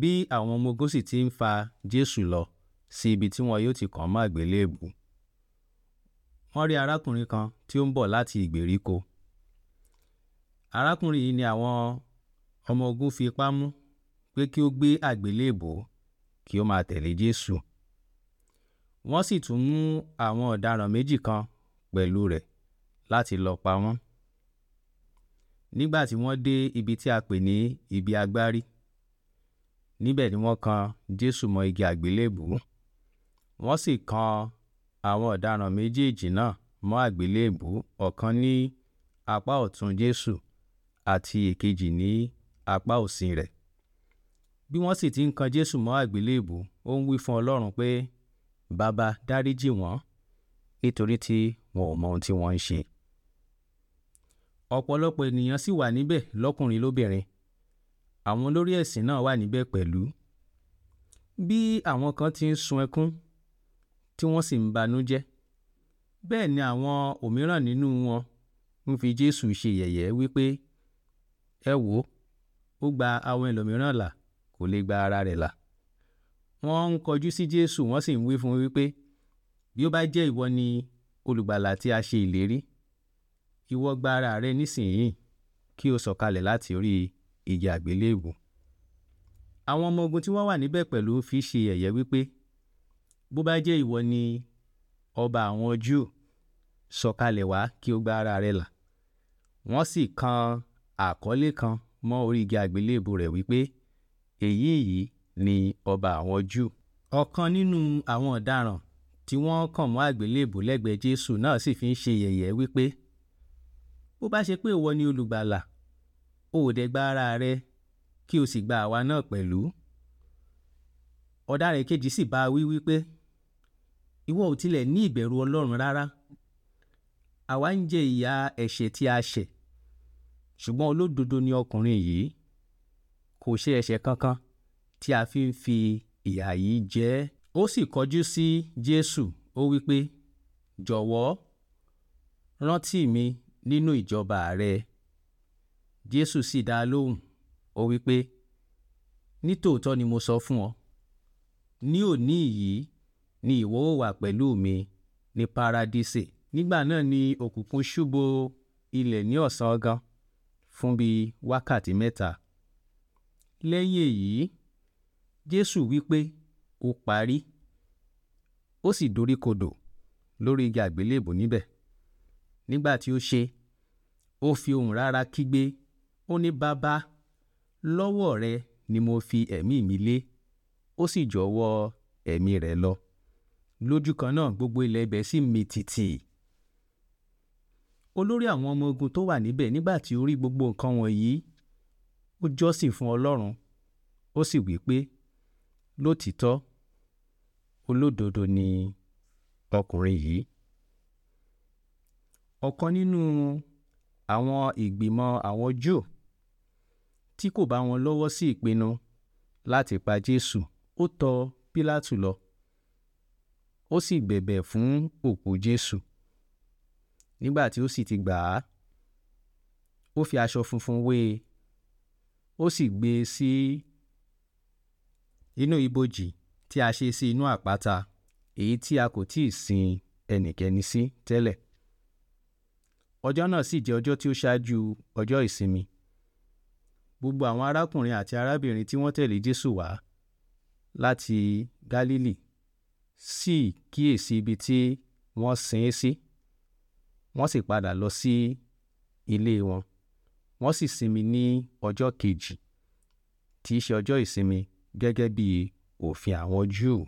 bí àwọn ọmọ ogun sì ti ń fa jésù lọ sí ibi tí wọn yóò ti kàn mọ́ àgbélébù wọ́n rí arákùnrin kan tí ó ń bọ̀ láti ìgbèríko arákùnrin yìí ni àwọn ọmọ ogun fi ipá mú pé kí ó gbé àgbélébù kí ó máa tẹ̀lé jésù wọ́n sì tún mú àwọn ọ̀daràn méjì kan pẹ̀lú rẹ̀ láti lọ pa wọ́n nígbà tí wọ́n dé ibi tí a pè ní ibi agbárí níbẹ̀ ni wọ́n kan jésù mọ́ igi àgbélébùú wọ́n sì kan àwọn ọ̀daràn méjèèjì náà mọ́ àgbélébùú ọ̀kan ní apá ọ̀tún jésù àti èkejì ní apá òsì rẹ̀ bí wọ́n sì ti ń kan jésù mọ́ àgbélébùú ó ń wí fún ọlọ́run pé bàbá dáríjì wọ́n nítorí tí wọn ò mọ ohun tí wọ́n ń ṣe ọ̀pọ̀lọpọ̀ ènìyàn sì wà níbẹ̀ lọ́kùnrin lóbìnrin àwọn olórí ẹ̀sìn náà wà níbẹ̀ pẹ̀lú. bí àwọn kan ti ń sun ẹkún tí wọ́n sì ń banújẹ́ bẹ́ẹ̀ ni àwọn òmíràn nínú wọn ń fi jésù ṣe yẹ̀yẹ́ wípé ẹ wò ó gba àwọn ẹlòmíràn là kò lè gba ara rẹ̀ là wọ́n ń kọjú sí jésù wọ́n sì ń wí fún wípé bí ó bá jẹ́ ìwọ ni olùgbàlà tí a ṣe ìlérí ìwọ gba ara rẹ nísìnyí kí o sọ̀kalẹ̀ láti orí ìjà àgbélébù. Àwọn ọmọ ogun tí wọ́n wà níbẹ̀ pẹ̀lú fi ṣe yẹ̀yẹ́ wípé “Bó bá jẹ́ ìwọ ni ọba àwọn Júù, sọ̀kalẹ̀ wá kí o gba ara rẹ là.” Wọ́n sì kan àkọ́lé kan mọ́ orí igi àgbélébù rẹ̀ wípé “Èyí yìí ni ọba àwọn Júù.” Ọ̀kan nínú àwọn ọ̀daràn tí wọ́n kàn mọ́ àgbélébù lẹ́gbẹ̀ẹ́ Jésù náà sì fi ń ṣe yẹ̀yẹ́ wípé “Bó bá ṣe pé ìwọ ni olùgbàlà, o ò dẹ̀ gba ara rẹ kí o sì gba àwa náà pẹ̀lú. ọ̀daràn kejì sì bá a wí wípé ìwọ ò tilẹ̀ ní ìbẹ̀rù ọlọ́run rárá àwa ń jẹ ìyà ẹ̀ṣẹ̀ tí a ṣẹ̀ ṣùgbọ́n olódodo ni ọkùnrin yìí kò ṣe ẹ̀ṣẹ̀ kankan tí a fi ń fi ìyà yìí jẹ ẹ́ ó sì kọjú sí Jésù ó wí jọ̀wọ́ rántí mi nínú ìjọba rẹ jésù sì dá a lóhùn ó wí pé nítòótọ́ ni mo sọ fún ọ ní òní yìí ni ìwọ ó wà pẹ̀lú mi ní paradíṣe nígbà náà ni òkùnkùn ṣú bo ilẹ̀ ní ọ̀sán gan fún bíi wákàtí mẹ́ta lẹ́yìn èyí jésù wí pé ó parí ó sì dorí kodò lórí igi àgbélébùú níbẹ̀ nígbà tí ó ṣe ó fi ohùn rárá kígbe ó ní baba lọ́wọ́ rẹ ni mo fi ẹ̀mí mi lé ó sì jọ̀wọ́ ẹ̀mí rẹ̀ lọ lójú kan náà gbogbo ilẹ̀ ibẹ̀ sì mì tìtì olórí àwọn ọmọ ogun tó wà níbẹ̀ nígbà tí ó rí gbogbo nǹkan wọ̀nyí ó jọ́sìn fún ọlọ́run ó sì wí pé lótìtọ́ olódodo ni ọkùnrin yìí ọ̀kan nínú àwọn ìgbìmọ̀ àwọn Júù tí kò bá wọn lọ́wọ́ sí ìpinnu láti pa Jésù ó tọ Pílátù lọ ó sì bẹ̀bẹ̀ fún òkú Jésù nígbà tí ó sì ti gbà á ó fi aṣọ funfun wé e ó sì gbé e sí inú ibojì tí a ṣe sí inú àpáta èyí tí a kò tíì sin ẹnikẹ́ni sí tẹ́lẹ̀ ọjọ́ náà sì jẹ́ ọjọ́ tí ó ṣáájú ọjọ́ ìsinmi gbogbo àwọn arákùnrin àti arábìnrin tí wọ́n tẹ̀lé Jésù wá láti Gálílì sì kíyèsí ibi tí wọ́n sin ín sí wọ́n sì padà lọ sí ilé wọn wọ́n sì sinmi ní ọjọ́ kejì tí í ṣe ọjọ́ ìsinmi gẹ́gẹ́ bí òfin àwọn Júù.